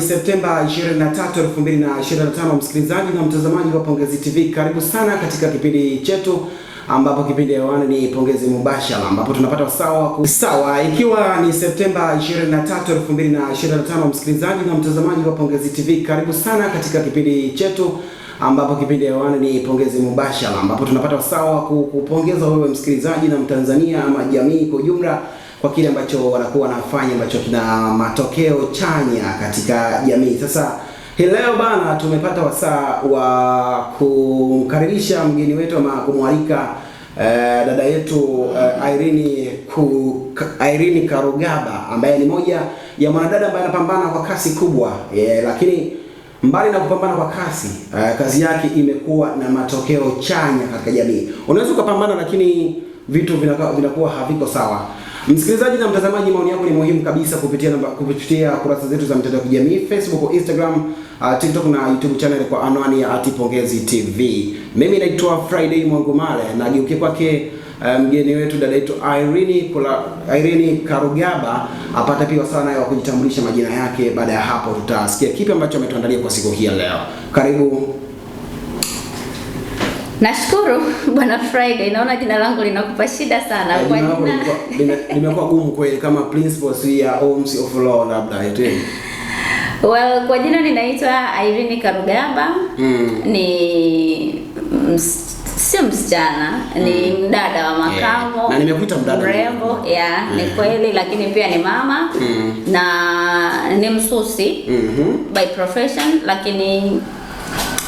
ni Septemba 23, 2025. Msikilizaji na mtazamaji wa Pongezi TV, karibu sana katika kipindi chetu ambapo kipindi hewani ni Pongezi Mubashara, ambapo tunapata usawa sawa, ikiwa ni Septemba 23, 2025. Msikilizaji na mtazamaji wa Pongezi TV, karibu sana katika kipindi chetu ambapo kipindi hewani ni Pongezi Mubashara, ambapo tunapata usawa kupongeza wewe msikilizaji na Mtanzania ama jamii kwa ujumla kwa kile ambacho wanakuwa wanafanya ambacho kina matokeo chanya katika jamii. Sasa hii leo bana, tumepata wasaa wa kumkaribisha mgeni wetu ama kumwalika eh, dada yetu eh, Irene ku, Irene Karugaba ambaye ni moja ya mwanadada ambaye anapambana kwa kasi kubwa eh, lakini mbali na kupambana kwa kasi eh, kazi yake imekuwa na matokeo chanya katika jamii. Unaweza ukapambana lakini vitu vinakuwa haviko sawa. Msikilizaji na mtazamaji, maoni yako ni muhimu kabisa kupitia namba, kupitia kurasa zetu za mtandao wa kijamii Facebook, Instagram, uh, TikTok na YouTube channel kwa anwani ya @pongezi TV. Mimi naitwa Friday Mwangumale na geukie kwake eh, mgeni um, wetu dada yetu Irene Kula, Irene Karugaba apata pia sana ya kujitambulisha majina yake. Baada ya hapo tutasikia kipi ambacho ametuandalia kwa siku hii leo. Karibu. Nashukuru Bwana Friday, naona jina langu linakupa shida sana. Eh, kwa jina Nimekuwa gumu kweli kama principles ya Homes of Law labda eti. Well, kwa jina ninaitwa Irene Karugamba. Mm. Ni sio msichana, mm. ni hmm. mdada wa makamo. Yeah. Na nimekuita mdada. Mrembo, yeah, mm. ni hmm. kweli lakini pia ni mama. Mm. Na ni msusi. Mm -hmm. By profession lakini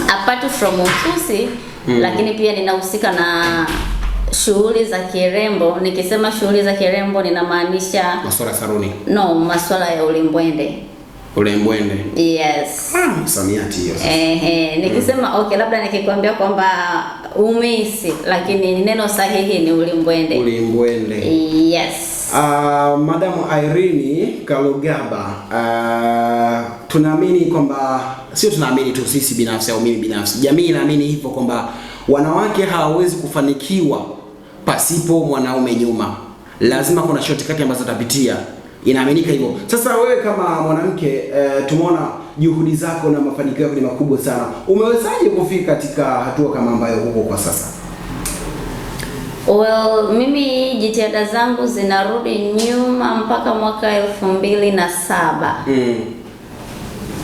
apart from msusi, mm. Lakini pia ninahusika na shughuli za kirembo. Nikisema shughuli za kirembo ninamaanisha masuala saluni, no, masuala ya ulimbwende ulimbwende. Yes. Ah, msamiati hiyo. Eh, eh, nikisema mm. Okay, labda nikikwambia kwamba umisi, lakini neno sahihi ni ulimbwende. Ulimbwende. Yes. Uh, Madamu Irene Kalogaba uh, tunaamini kwamba sio, tunaamini tu sisi binafsi au mimi binafsi, jamii inaamini hivyo kwamba wanawake hawawezi kufanikiwa pasipo mwanaume nyuma, lazima kuna shortcut ambazo atapitia, inaaminika hivyo. Sasa wewe kama mwanamke uh, tumeona juhudi zako na mafanikio yako ni makubwa sana, umewezaje kufika katika hatua kama ambayo huko kwa sasa? Well, mimi jitihada zangu zinarudi nyuma mpaka mwaka elfu mbili na saba. Mm.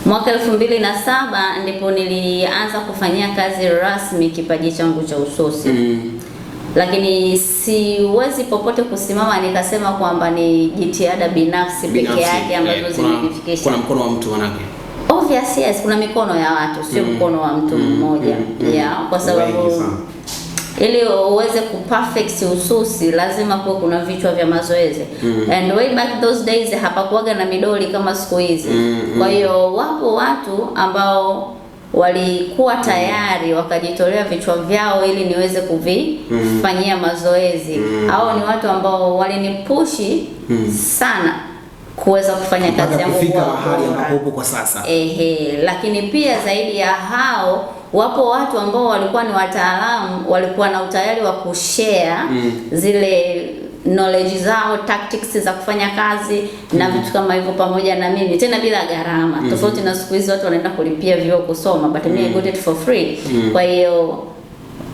Mwaka elfu mbili na saba ndipo nilianza kufanyia kazi rasmi kipaji changu cha usosi. Mm. Lakini siwezi popote kusimama nikasema kwamba ni jitihada binafsi peke yake ambazo eh, zimenifikisha. Kuna mkono wa mtu wanake. Obvious, yes, kuna mikono ya watu sio hmm. mkono wa mtu hmm. mmoja. Hmm. Yeah, kwa sababu ili uweze kuperfect ususi lazima kuwa kuna vichwa vya mazoezi mm -hmm. And way back those days hapakuwaga na midoli kama siku hizi mm -hmm. Kwa hiyo wapo watu ambao walikuwa tayari wakajitolea vichwa vyao ili niweze kuvifanyia mm -hmm. mazoezi mm hao ni watu ambao walinipushi mm -hmm. sana kuweza kufanya kazi yangu kwa hali ambapo kwa sasa. Ehe, lakini pia zaidi ya hao wapo watu ambao walikuwa ni wataalamu, walikuwa na utayari wa kushare mm. zile knowledge zao, tactics za kufanya kazi na mm. vitu kama hivyo pamoja na mimi, tena bila gharama mm. tofauti na siku hizi watu wanaenda kulipia vyuo kusoma, but me I mm. got it for free mm. kwa hiyo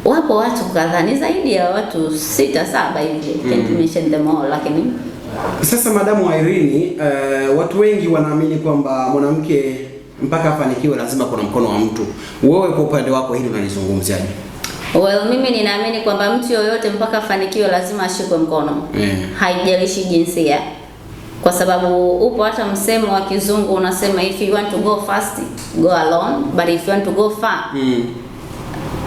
wapo watu kadhaa, ni zaidi ya watu sita saba hivi mm. can't mention them all lakini sasa, madamu Irene, uh, watu wengi wanaamini kwamba mwanamke mpaka afanikiwe lazima kuna mkono wa mtu. Wewe kwa upande wako hili unalizungumziaje? Well, mimi ninaamini kwamba mtu yoyote mpaka afanikiwe lazima ashikwe mkono mm. Haijalishi jinsia, kwa sababu upo hata msemo wa kizungu unasema if you want to go fast go alone but if you want to go far mm.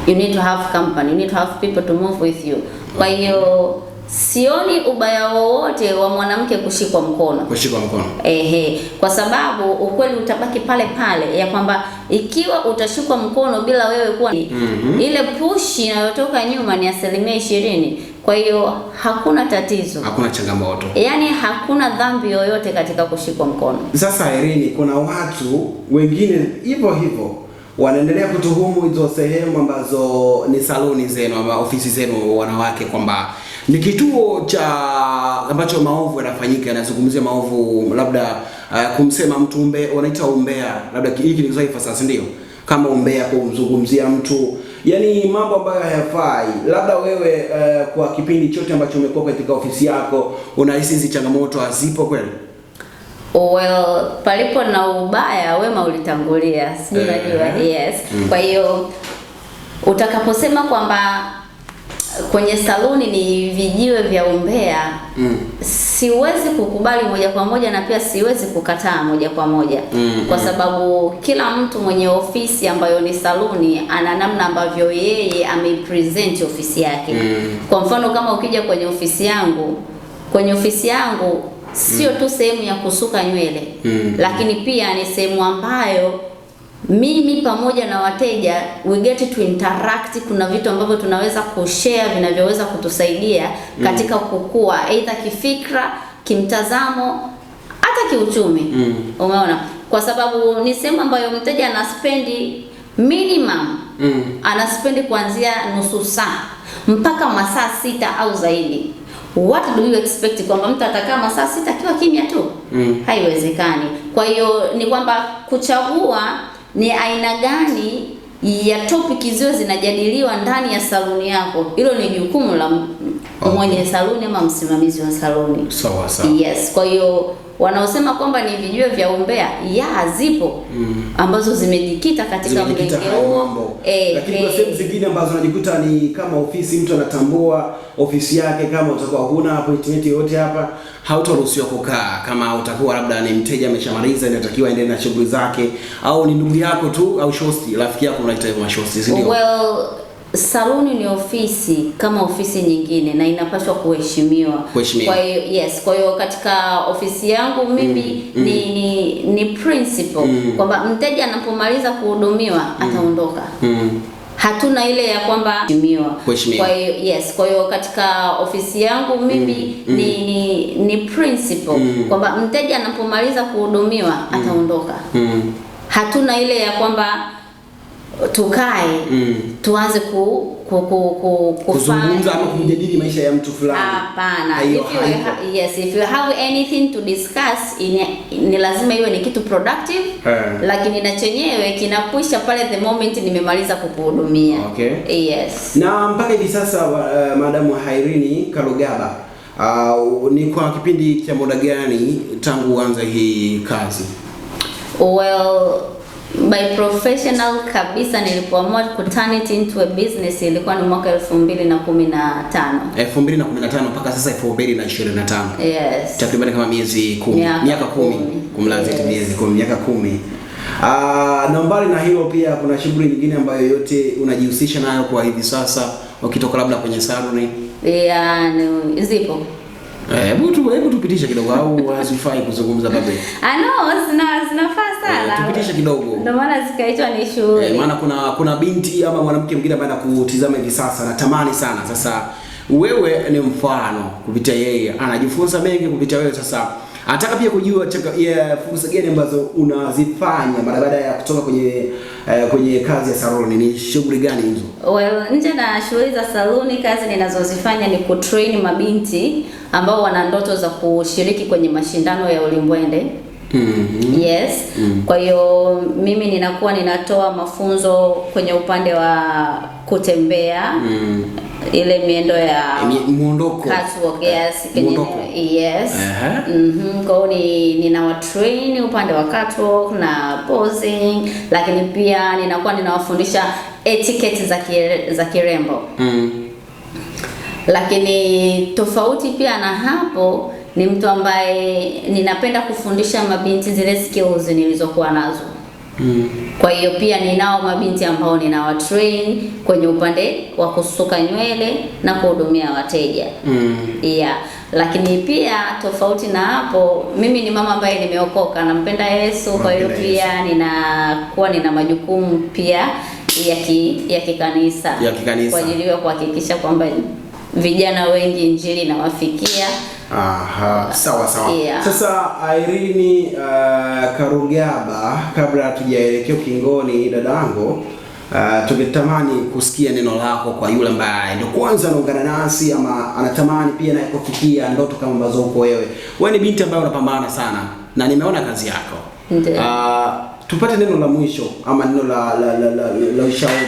you need to have company, you need to have people to move with you. Kwa hmm. hiyo okay. Sioni ubaya wowote wa mwanamke kushikwa mkono, kushikwa mkono. Ehe, kwa sababu ukweli utabaki pale pale ya kwamba ikiwa utashikwa mkono bila wewe kuwa mm -hmm. ile push inayotoka nyuma ni asilimia ishirini. Kwa hiyo hakuna tatizo, hakuna changamoto, yaani hakuna dhambi yoyote katika kushikwa mkono. Sasa Irene, kuna watu wengine hivyo hivyo wanaendelea kutuhumu hizo sehemu ambazo ni saluni zenu ama ofisi zenu wanawake kwamba ni kituo cha ambacho maovu yanafanyika, yanazungumzia maovu labda, uh, kumsema mtu umbe, wanaita umbea, labda hiki ni Kiswahili sasa, ndio kama umbea, kumzungumzia mtu, yani mambo ambayo hayafai. Labda wewe uh, kwa kipindi chote ambacho umekuwa katika ofisi yako unahisi hizi changamoto hazipo kweli? Well, palipo na ubaya wema ulitangulia, sijui eh. najua. Yes, mm. Kwa hiyo utakaposema kwamba kwenye saluni ni vijiwe vya umbea mm. Siwezi kukubali moja kwa moja na pia siwezi kukataa moja kwa moja mm. Kwa mm. sababu kila mtu mwenye ofisi ambayo ni saluni ana namna ambavyo yeye amepresent ofisi yake mm. Kwa mfano kama ukija kwenye ofisi yangu, kwenye ofisi yangu sio mm. tu sehemu ya kusuka nywele mm. Lakini pia ni sehemu ambayo mimi pamoja na wateja we get to interact. Kuna vitu ambavyo tunaweza kushare vinavyoweza kutusaidia mm. katika mm. kukua either kifikra, kimtazamo, hata kiuchumi mm. Umeona, kwa sababu ni sehemu ambayo mteja anaspendi minimum mm. anaspendi kuanzia nusu saa mpaka masaa sita au zaidi. What do you expect kwamba mtu atakaa masaa sita akiwa kimya tu mm. Haiwezekani. Kwa hiyo ni kwamba kuchagua ni aina gani ya topic ziwe zinajadiliwa ndani ya saluni yako. Hilo ni jukumu la mwenye saluni ama msimamizi wa saluni. Sawa sawa. Yes, kwa hiyo wanaosema kwamba ni vijue vya umbea ya zipo mm. ambazo zimejikita katika mlenge huo eh, lakini kwa eh, sehemu zingine ambazo unajikuta ni kama ofisi, mtu anatambua ofisi yake. Kama utakuwa huna appointment yoyote hapa, hautaruhusiwa kukaa. Kama utakuwa labda ni mteja ameshamaliza, inatakiwa endelee na shughuli zake, au ni ndugu yako tu au shosti, rafiki yako unaita mashosti, si ndio? well saluni ni ofisi kama ofisi nyingine na inapaswa kuheshimiwa. Kwa hiyo yes, kwa hiyo katika ofisi yangu mimi mm, ni, mm. ni ni principle mm. kwamba mteja anapomaliza kuhudumiwa mm. ataondoka mm. Hatuna ile ya kwamba heshimiwa. Kwa hiyo yes, kwa hiyo katika ofisi yangu mimi mm. mm. ni, ni ni principle mm. kwamba mteja anapomaliza kuhudumiwa mm. ataondoka mm. Hatuna ile ya kwamba tukae mm. tuanze ku, ku, ku, ku, kuzungumza ama kujadili maisha ya mtu fulani. Hapana, if you yes, if you have anything to discuss in, ni lazima iwe ni kitu productive yeah. Lakini na chenyewe kinapusha pale the moment nimemaliza kukuhudumia. Okay. Yes. Na mpaka hivi sasa uh, madamu Hairini Karugaba uh, ni kwa kipindi cha muda gani tangu uanze hii kazi? Well, by professional kabisa nilipoamua ku turn it into a business ilikuwa ni mwaka 2015. 2015 mpaka sasa 2025. Yes. Takriban kama miezi 10, miaka 10, kumlaza miezi 10, miaka 10. Uh, ah, na mbali na hiyo pia kuna shughuli nyingine ambayo yote unajihusisha nayo kwa hivi sasa ukitoka labda kwenye saluni. Yeah, yaani, no, zipo. Eh, hebu tu hebu kidogo au hazifai kuzungumza babe. Ah no, zina zinafaa eh, sana. E, tupitisha kidogo. Ndio maana zikaitwa ni shughuli. Eh, maana kuna kuna binti ama mwanamke mwingine ambaye anakutizama hivi sasa natamani sana. Sasa wewe ni mfano kupitia yeye. Anajifunza mengi kupitia wewe sasa anataka pia kujua chaka, fursa gani ambazo unazifanya mara baada ya kutoka kwenye uh, kwenye kazi ya saloni, ni shughuli gani hizo? Well, nje na shughuli za saloni, kazi ninazozifanya ni kutrain mabinti ambao wana ndoto za kushiriki kwenye mashindano ya ulimbwende Mm -hmm. Yes. Mm -hmm. Kwa hiyo mimi ninakuwa ninatoa mafunzo kwenye upande wa kutembea mm -hmm. ile miendo ya eh, muondoko catwalk, eh, yes, Mm Kwa hiyo ni train upande wa catwalk na posing, lakini pia ninakuwa ninawafundisha etiquette za kire, za kirembo mm -hmm. Lakini tofauti pia na hapo ni mtu ambaye ninapenda kufundisha mabinti zile skills nilizokuwa nazo mm. Kwa hiyo pia ninao mabinti ambao train kwenye upande wa kusuka nywele na kuhudumia wateja mm. Yeah, lakini pia tofauti na hapo, mimi ni mama ambaye nimeokoka, nampenda Yesu. Kwa hiyo pia ninakuwa nina majukumu pia ya ki, ya kikanisa kwa ajili ya kuhakikisha kwamba vijana wengi injili inawafikia. Aha, sawa sawa. Yeah. Sasa Irene uh, Karugaba, kabla hatujaelekea ukingoni, dada uh, tungetamani kusikia neno lako kwa yule ambaye ndio kwanza anaungana nasi ama anatamani pia na kufikia ndoto kama ambazo uko wewe. Wewe ni binti ambaye unapambana sana na nimeona kazi yako. Ndiyo. Uh, tupate neno la mwisho ama neno la la, la, la, la, la ushauri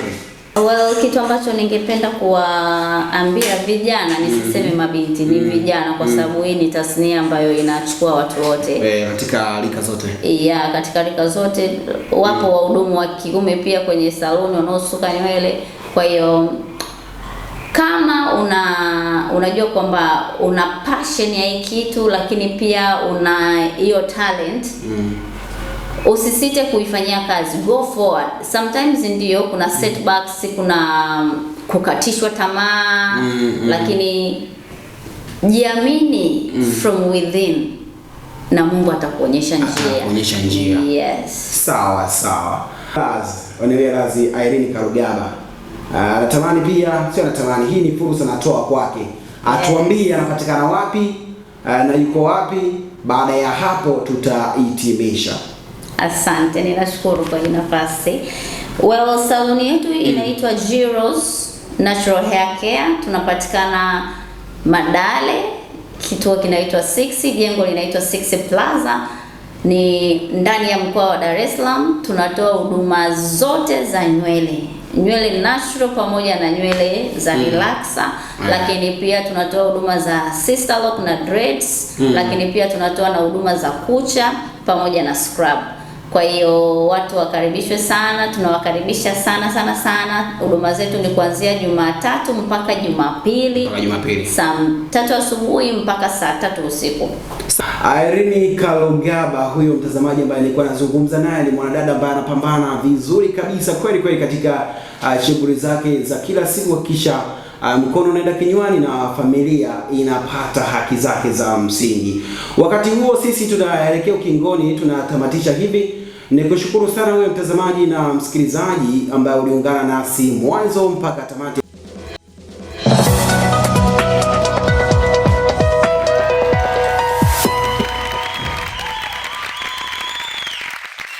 Well, kitu ambacho ningependa kuwaambia vijana nisiseme mm-hmm. mabinti mm. ni mm-hmm. vijana kwa mm-hmm. sababu mm. hii ni tasnia ambayo inachukua watu wote e, katika rika zote yeah, katika rika zote wapo mm. wahudumu wa kiume pia kwenye saluni wanaosuka nywele. Kwa hiyo kama una unajua kwamba una passion ya hii kitu, lakini pia una hiyo talent mm usisite kuifanyia kazi, go forward. Sometimes ndio kuna setbacks, kuna um, kukatishwa tamaa mm -hmm. Lakini jiamini mm -hmm. from within na Mungu atakuonyesha njia, atakuonyesha njia. Yes. Sawa sawa. Onelerazi Irene Karugaba anatamani ah, uh, pia sio anatamani, hii ni fursa natoa kwake, atuambie anapatikana wapi uh, na yuko wapi. Baada ya hapo tutahitimisha. Asante, ninashukuru kwa hii nafasi. Well, saluni yetu inaitwa Jiros Natural Hair Care. Tunapatikana Madale, kituo kinaitwa 6, jengo linaitwa 6 Plaza, ni ndani ya mkoa wa Dar es Salaam. Tunatoa huduma zote za nywele, nywele natural pamoja na nywele za mm. relaxer mm. lakini pia tunatoa huduma za sister lock na dreads mm. lakini pia tunatoa na huduma za kucha pamoja na scrub. Kwa hiyo watu wakaribishwe sana, tunawakaribisha sana sana sana. Huduma zetu ni kuanzia Jumatatu mpaka Jumapili, mpaka Jumapili saa tatu asubuhi mpaka saa tatu usiku. Irene Kalongaba, huyo mtazamaji ambaye alikuwa anazungumza naye, ni mwanadada ambaye anapambana vizuri kabisa kweli kweli katika uh, shughuli zake za kila siku akisha ah, mkono um, unaenda kinywani na familia inapata haki zake za msingi. Wakati huo sisi tunaelekea ukingoni, tunatamatisha hivi Nikushukuru sana wewe mtazamaji na msikilizaji ambaye uliungana nasi mwanzo mpaka tamati.